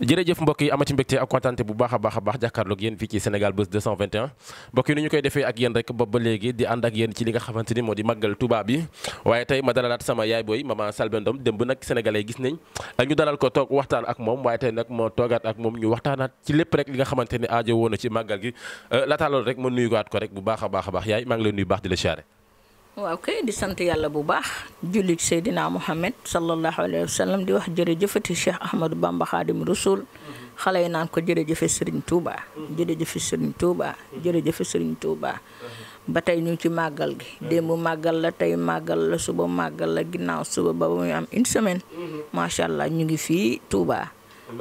jërëjëf mbokk yi amati mbégte ak kontante bu baax a baax a baax jàkkaarloog yéen fii ci Sénégal Buzz 221 mbokk yi ni ñu koy defee ak yéen rek boobu léegi di ànd ak yéen ci li nga xamante ni moo di màggal Touba bi waaye tey ma dalalaat sama yaay booy maman Selbé Ndom démb nag sénégalais gis nañ ñu dalal ko toog waxtaan ak moom waaye tey nag moo toogaat ak moom ñu waxtaanaat ci lépp rek li nga xamante ni aajo woon na ci màggal gi euh, laataaloon rek ma nuyuwaat ko rek bu baax a baax a baax yaay maa ngi lay la siyaare waaw kay di sant yàlla bu baax jullit Seydina Muhammad sallallahu alayhi wa sallam di wax jëre jërëjëfati Cheikh Ahmadou Bamba Xaadim Rasul xale yi naan ko jërëjëfe Serigne Touba. jërëjëfe Serigne Touba jërëjëfe Serigne Touba. ba tey ñu ci màggal gi. démb màggal la tey màggal la suba màggal la ginnaaw suba ba muy am une semaine. macha allah ñu ngi fii Touba.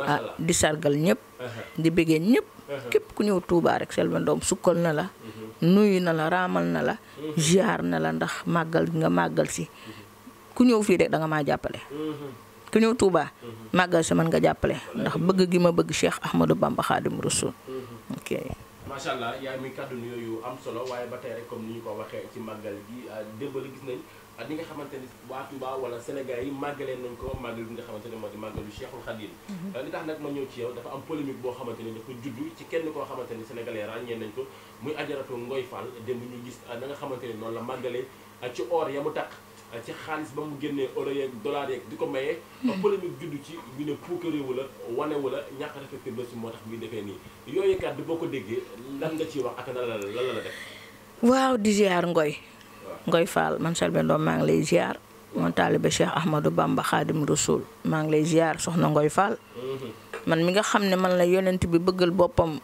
ah di sargal ñëpp. di bëggee ñëpp. képp ku ñëw Touba rek Selbé Ndom sukkal na la. nuyu na la raamal na la ziar na la ndax màggal nga màggal si ku ñëw fii rek da maa jàppale ku ñëw Touba màggal si man nga jàppale ndax bëgg gi ma bëgg Cheikh Ahmadou Bamba Khadim Rasoul ok macha allah yaay muy kàddu yooyu am solo waaye ba tey rek comme ni ñu ko waxee ci màggal gi la ah, gis nañ ah, ni nga xamante ni waa Sénégal yi màggaleen nañ ko màggal bi nga xamante ne moo di màggalu Cheikhul Khadim mhm. ah, li tax ma ñëw ci yow dafa am polémique boo xamante ni dafa juddu ci kenn koo xamante ni sénégalais ràññee nañ ko muy ajaratu Ngoy Fall démb ñu gis na nga noonu la màggalee ci or ya mu takk ci xaalis ba mu génnee euro yeeg dollar yeeg di ko mayee ba polémique juddu ci ñu ne puukare la wane wu la ñàkk respecté bés moo tax muy defee nii yooyu kàddu boo ko déggee lan nga ciy wax ak lan la def waaw di ziar Ngoy Ngoy Fall man Selbé Ndom maa ngi lay ziar moom taalibe Cheikh Ahmadou Bamba Xaadim Rasul maa ngi lay ziar soxna Ngoy Fall mhm. man mi nga xam ne man la yonent bi bëggal boppam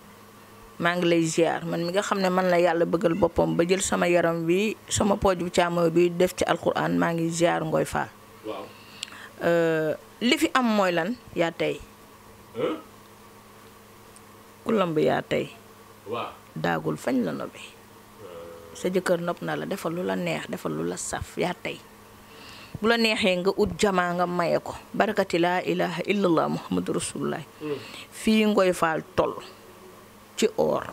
maa ngi lay ziar man mi nga xam ne man la yàlla bëggal boppam ba jël sama yaram wi sama pooj bu càmmoñ bi def ci alquran maa ngi ziar Ngoye Fall. Euh, li fi am mooy lan yaa tey. ku lamb yaa tey. waaw daagul fañ la nobe euh. sa jëkkër nopp na la defal lu la neex defal lu la saf yaa tey. bu la neexee nga ut jamaa nga maye ko barakati laa ilaha illallah muhammadu rasulullah hmm. fii Ngoye Fall toll. ci or.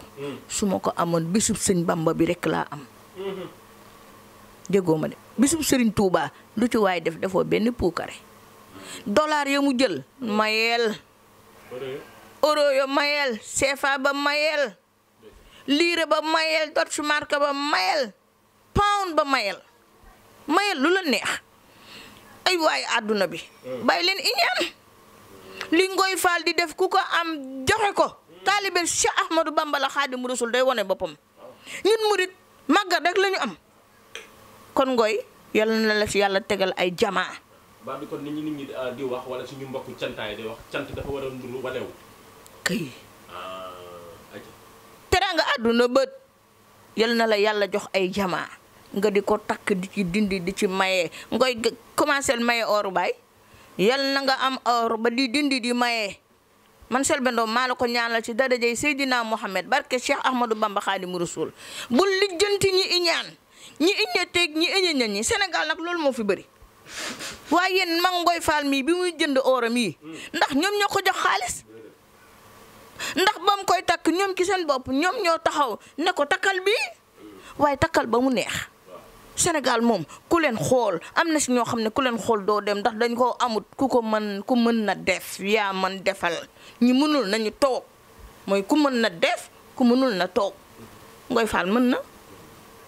su ma ko amoon bisub sëñ bamba bi rek laa am. déggoo ma de bisub sëriñ Touba lu ci waay def defoo benn puukare. dollar ya mu jël mayel. euro ya mayel ba mayel. liire ba mayel Deutsche Mark ba mayel. pound ba mayel. mayel lu la neex. ay waay àdduna bi. bàyyi leen iñaan li ngoy faal di def ku ko am joxe ko. taalibe Cheikh Ahmadou Bamba la Xaadimu Rasul day wane boppam ñun murit màggat rek la ñu am kon ngooy yàlla na la fi yàlla tegal ay jamaa. baa ah, suñu mbokku cantaay ah, teraanga àdduna bët yal na la yàlla jox ay jamaa nga di ko takk di ci dindi di ci maye ngooy commencé maye or baay yal na nga am or ba di dindi di maye. man Selbé maa la ko ñaanal ci darajay Seydina Mohamed barke Cheikh Ahmadou Bamba Khadimu Rasul bul lijjanti ñi iñaan ñi iñe teeg ñi iñe ñi Sénégal loolu moo fi bari waaye yéen Mangoy Fall mii bi muy jënd ooram yi ndax ñoom ñoo ko jox xaalis ndax ba koy takk ñoom ki seen bopp ñoom ñoo taxaw ne ko takkal bii waaye takkal ba mu neex Sénégal moom ku leen xool am na si ñoo xam ne ku leen xool doo dem ndax dañ koo amut ku ko mën ku mën na def yaa man defal ñu mënul nañu toog mooy ku mën na def ku mënul na toog Ngoye Fall mën na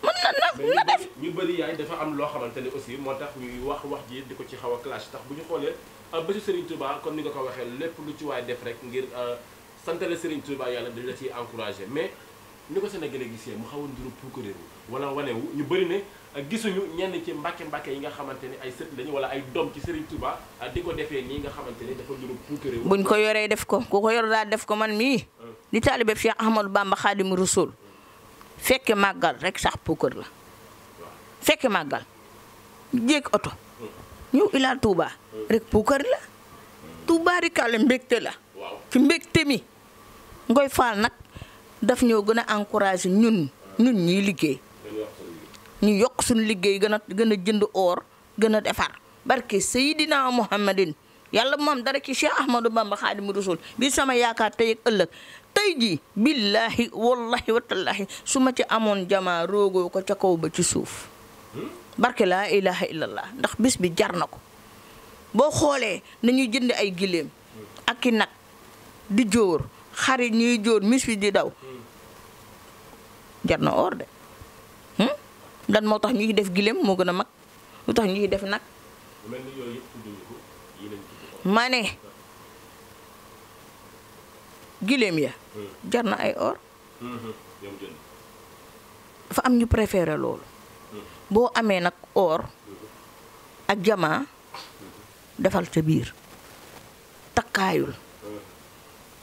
mën na na na def ñu bëri yaay dafa am loo xamante ne aussi moo tax ñuy wax wax ji di ko ci xaw a clash tax bu ñu xoolee euh, bésu Serigne Touba comme ni nga ko waxee lépp lu ci waay def rek ngir euh, santale Serigne Touba yàlla dañ la ci encouragé mais ni ko a gisee mu xaw a ndur procureur wala wanewu ñu bari ne gisuñu ñenn ci mbàkke mbàkke yi nga xamante ne ay sët lañu wala ay doom ci Serigne Touba di ko defee nii nga xamante ne dafa ndur procureur buñ ko yoree def ko ku ko yor daal def ko man mii di taalibe Cheikh Ahmadou Bamba Xaadimu Rasuul fekke màggal rek sax procureur la fekk màggal jéeg oto ñëw ilaa Touba rek procureur la Touba rikale mbégte la ci mbégte mi ngoy faal nag daf ñoo gën a encouragé ñun ñun ñuy liggéey ñu yokk suñu liggéey gën a gën a jënd oor gën a defar barke Seydina Muhammadin yàlla moom dara ci Cheikh Ahmadou Bamba Xaadimu Rasuul bi sama yaakaar tey ak ëllëg tey jii billaahi wallahi watallaahi su ma ci amoon jamaa roogoo ko ca kaw ba ci suuf barke laa ilaha illallah ndax bis bi jar na ko boo xoolee nañuy jënd ay giléem ak i nag di jóor xarit ñuy jóor mis bi di daw jar na or de lan hmm? moo tax ñuy def giléem moo gën a mag lu tax ñuy def nag ma ne gileem ya hmm. jar na ay or hmm, dafa am ñu préféré loolu boo amee nag or ak jamaa defal ca biir takkaayul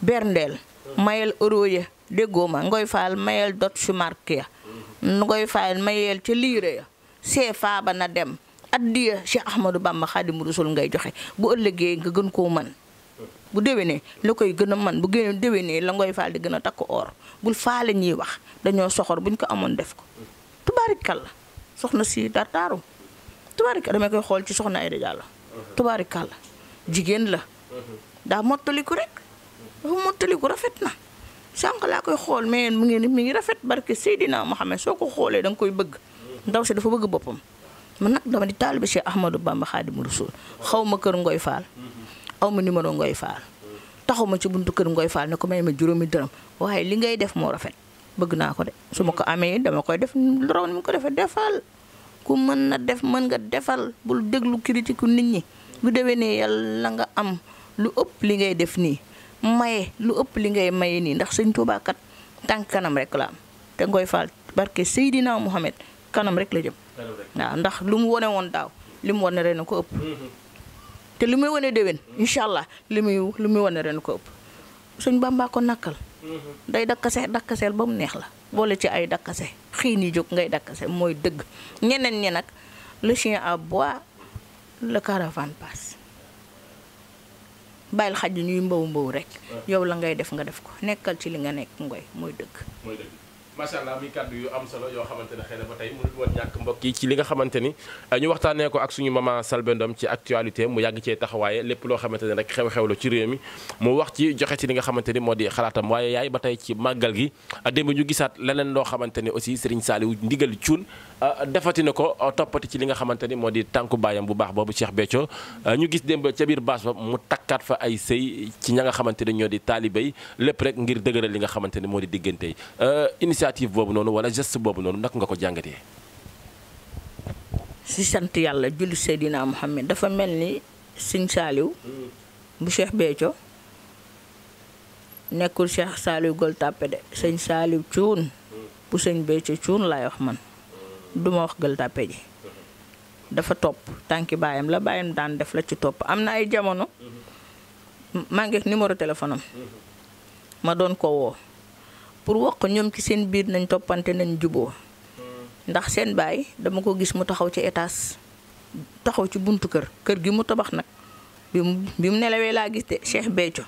berndeel mayel euro ya déggoo ma ngoy faal mayel dot su mark ya ngoy faal mayel ca liire ya see faaba na dem addiya Cheikh Ahmadou Bamba Xaadimu Rasuul ngay joxe bu ëllëgee nga gën koo mën bu déwénee la koy gën a mën bu gën déwénee la ngoy faal di gën a takk or bul faale ñuy wax dañoo soxor buñ ko amoon def ko tubaarikàlla soxna si dartaaru tubaarikàlla damay koy xool ci soxna Aïda Diallo tubaarikàlla jigéen la daa mottaliku rek dafa mottaliku rafet na sànq laa koy xool mais mu ngi mi ngi rafet barke Seydina Mohamed soo ko xoolee da koy bëgg ndaw si dafa bëgg boppam man nag dama di taalibe Cheikh Ahmadou Bamba Xaadimu Rasuul xaw ma kër Ngoy Faal aw ma numéro Ngoy Faal taxuma ci buntu kër Ngoy Faal ne ko may ma juróomi dërëm waaye li ngay def moo rafet bëgg naa ko de su ma ko amee dama koy def lu raw ni mu ko defee defal ku mën na def mën nga defal bul déglu critique nit ñi bu déwénee yàlla nga am lu ëpp li ngay def nii. maye lu ëpp li ngay maye nii ndax suñ Tuubaa kat tànk kanam rek la am te Ngoye Fall barke Seydina Mohamed kanam rek la jëm. waaw ndax lu mu wane woon daaw li mu wane ren ko ëpp. Mm-hmm. te lu muy wane déwén incha allah li muy lu muy wane ren ko ëpp sëñ Bàmbaa ko nakkal. Mm-hmm. day dakkase dakkaseel ba mu neex la boole ci ay dakkase xii ni jóg ngay dakkase mooy dëgg ñeneen ñi nag le chien aboie le caravane passe. bàyyil xaj ñuy mbaw mbaw rek yow la ngay def nga def ko nekkal ci li nga nekk ngoy mooy dëgg macha allah muy kàddu yu am solo yoo xamante ne xëy na ba tey mënul woon ñàkk mbokk ci li nga xamante ni euh, ñu waxtaanee ko ak suñu maman Selbé Ndom ci actualité mu yàgg cee taxawaaye lépp loo xamante ne rek xew-xew la ci réew mi mu wax ci joxe ci li nga xamante ni moo di xalaatam waaye yaay ba tey ci màggal gi euh, démb ñu gisaat leneen loo xamante ni aussi Serigne Saliou ndigal cuun euh, defati na ko toppati ci li nga xamante ni moo di tànku baayam bu baax boobu Cheikh Béthio ñu gis démb ca biir baas mu takkaat fa ay sëy ci ña nga xamante ni ñoo di taalibe yi lépp rek ngir dëgëral li nga xamante ni moo di diggante initiative boobu noonu wala geste boobu noonu naka nga ko jàngatee. si sant yàlla julli Seydina Mohamed dafa mel ni Sëñ Saaliw bu Cheikh Béthio nekkul Cheikh Saaliw Gueule de Sëñ Saaliw cuun bu Sëñ Béthio cuun laay wax man duma wax Gueule Tapée ji dafa topp tànki baayam la baayam daan def la ci topp am na ay jamono maa ngi numéro ma doon ko pour wax ko ñoom ci seen biir nañ toppante nañ juboo ndax seen baay dama ko gis mu taxaw ci étage taxaw ci buntu kër kër gi mu tabax nag bi mu bi nelawee laa gis de Cheikh Béthio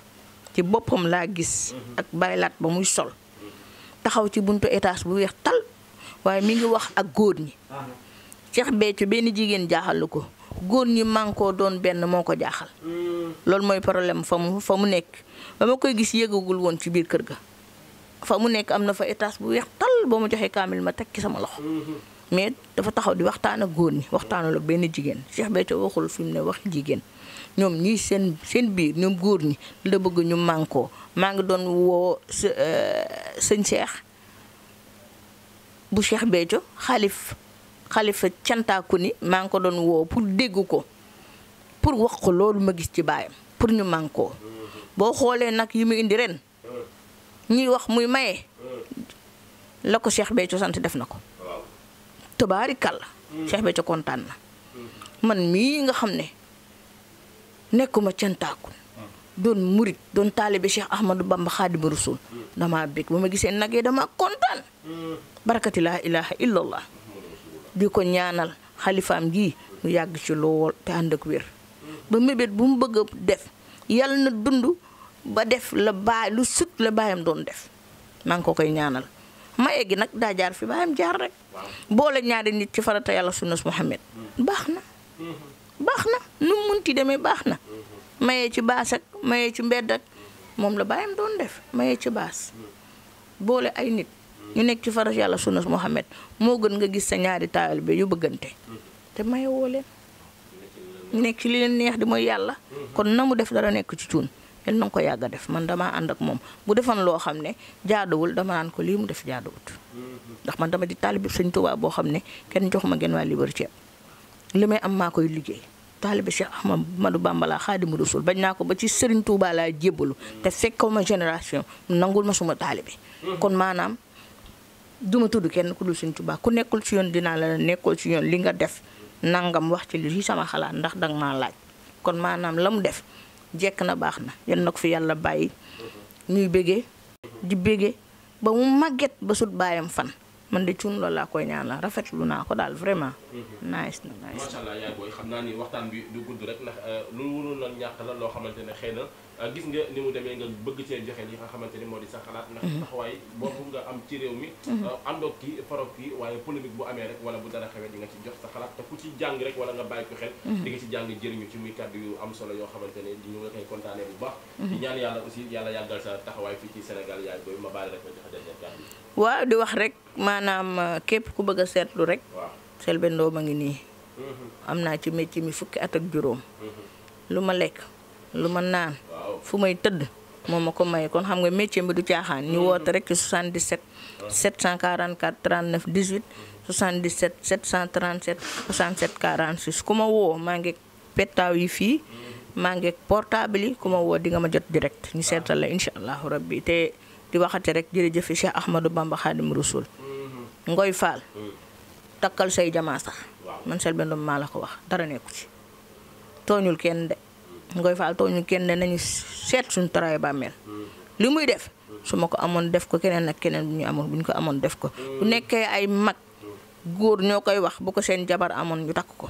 ci boppam laa gis ak baylaat ba muy sol taxaw ci buntu étage bu weex tal waaye mi ngi wax ak góor ñi Cheikh Béthio benn jigéen jaaxalu ko góor ñi mànkoo doon benn moo ko jaaxal hmm. loolu mooy problème fa mu fa mu nekk ba ma koy gis yëgagul woon ci biir kër ga fa mu nekk am na fa étage bu weex tal boo ma joxee kaamil ma teg ki sama loxo. mais dafa taxaw di waxtaan a góor ñi waxtaanul ak benn jigéen Cheikh Béthio waxul fi ne wax jigéen ñoom ñii seen seen biir ñoom góor ñi la bëgg ñu mànkoo maa ngi doon woo euh, sëñ Cheikh bu Cheikh Béthio xalif xalifa cantaaku ni maa ngi ko doon woo pour dégg ko pour wax ko loolu ma gis ci baayam pour ñu mànkoo boo xoolee nag yi mu indi ren. ñuy wax muy maye la ko Cheikh Béthio sant def na ko tabaarikàlla mm. Cheikh Béthio kontaan na man mii nga xam ne nekkuma cantaakun mm. doon murit doon taalibe Cheikh Ahmadou Bamba Xaadimu Rasuul mm. damaa bég ba ma gisee nag yi damaa kontaan barakati laa ilaaha illallah di ko ñaanal xalifaam gii mu yàgg ci lool te ànd ak wér ba mébét bu mu bëgg a def yàlla na dund ba def la baay lu sut la baayam doon def maa ngi ko koy ñaanal ma eggi nag daa jaar fi baayam jaar rek boole ñaari nit ci farata yàlla sunnas Muhammad mm-hmm. baax na mm-hmm. baax na nu munti demee baax na mm-hmm. mayee ci baas ak ci mbedd moom la baayam doon def mayee ci baas boole ay nit ñu nekk ci faras yàlla sunnas Muhammad moo gën nga gis sa ñaari bi ñu bëggante te maye woo leen ñu nekk ci li leen neex di mooy yàlla kon na mu def dara nekk ci cuun yal na ko yàgg def man damaa ànd ak moom bu defoon loo xam ne jaaduwul dama ko lii mu def jaaduwut ndax man dama di taalibe Sëñ Tuubaa boo xam kenn jox ma genn waa liberté li may am maa koy liggéey taalibe Cheikh Ahmadou Bamba laa Xaadimu Rasuul bañ naa ko ba ci Sëriñ Tuubaa laa te fekkoo ma génération nangul ma suma taalibe kon maanaam duma tudd kenn ku dul Sëñ Tuubaa ku nekkul ci yoon dinaa la nekkul ci yoon li nga def nangam wax ci li sama xalaat ndax danga maa laaj kon maanaam la mu def jekk na baax na yal na ko fi yàlla bàyyi ñuy bégee di bégee ba mu màgget ba sut baayam fan man de cuun loolu laa koy ñaanal rafetlu naa ko daal vraiment nice na nice macha allah yaay booy xam naa ni waxtaan bi du gudd rek ndax euh, lu wunul noon ñàkk la loo xamante ne xëy na euh, gis nga ni mu demee nga bëgg cee joxe li nga xamante ni moo di sa xalaat ndax mm-hmm. taxawaay boobu nga am ci réew mi mm-hmm. euh, àndoog kii farog kii waaye polémique bu amee rek wala bu dara xewee di nga ci jox sa xalaat te ku ci jàng rek wala nga bàyyi ko xel mm-hmm. di nga ci jàng jëriñu ci muy kàddu yu am solo yoo xamante di ñu nga koy kontaanee bu baax di ñaan yàlla aussi yàlla yàggal sa taxawaay fii ci Sénégal yaay booy ma baal rek ma joxe dernier kàddu waaw di a Selbé Ndom a ngi nii am naa ci métier mi fukki at ak juróom lu ma lekk lu ma naan fu may tëdd moom ma ko may kon xam nga métier bi du caaxaan ñu woote rek ci 77 744 39 18 77 737 67 46 ku ma woo maa ngi pettaaw yi fii maa ngi portable yi ku ma woo di nga ma jot direct ñu seetal la incha allahu rabbi te di waxati rek jërëjëf Cheikh Ahmadou Bamba Khadim Rasoul mm-hmm. Ngoy Fall mm-hmm. takkal say jamaa sax man Selbé Ndom maa la ko wax dara nekku ci tooñul kenn de Ngoye Fall tooñul kenn de nañu seet suñ taraay bàmmeel hmm. li muy def su ma ko amoon def ko keneen ak keneen bu ñu amoon bu ko amoon def ko bu hmm. nekkee ay mag hmm. góor ñoo koy wax bu ko seen jabar amoon ñu takk ko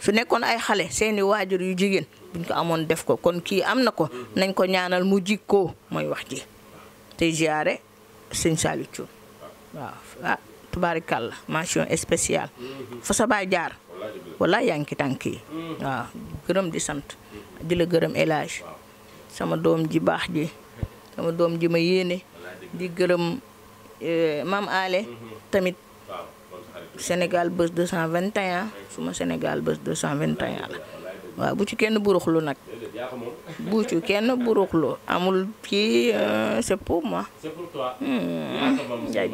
su nekkoon ay xale seeni waajur yu jigéen buñ ko amoon def ko kon kii am na ko nañ ko ñaanal mu jikkoo mooy wax ji te ziyaare sëñ Saliou Thioune waaw ah. tubaarikàlla mention spéciale fa sa baay jaar wala yaa ngi tànk yi waaw gërëm di sant di la gërëm élage sama doom ji baax ji sama doom ji ma yéene di gërëm eh, mam ale tamit Sénégal bés 221 suma Sénégal bés suma la waaw bu ci kenn buruxlu nag bu ci kenn buruxlu amul kii euh, c'est pour moi. c'est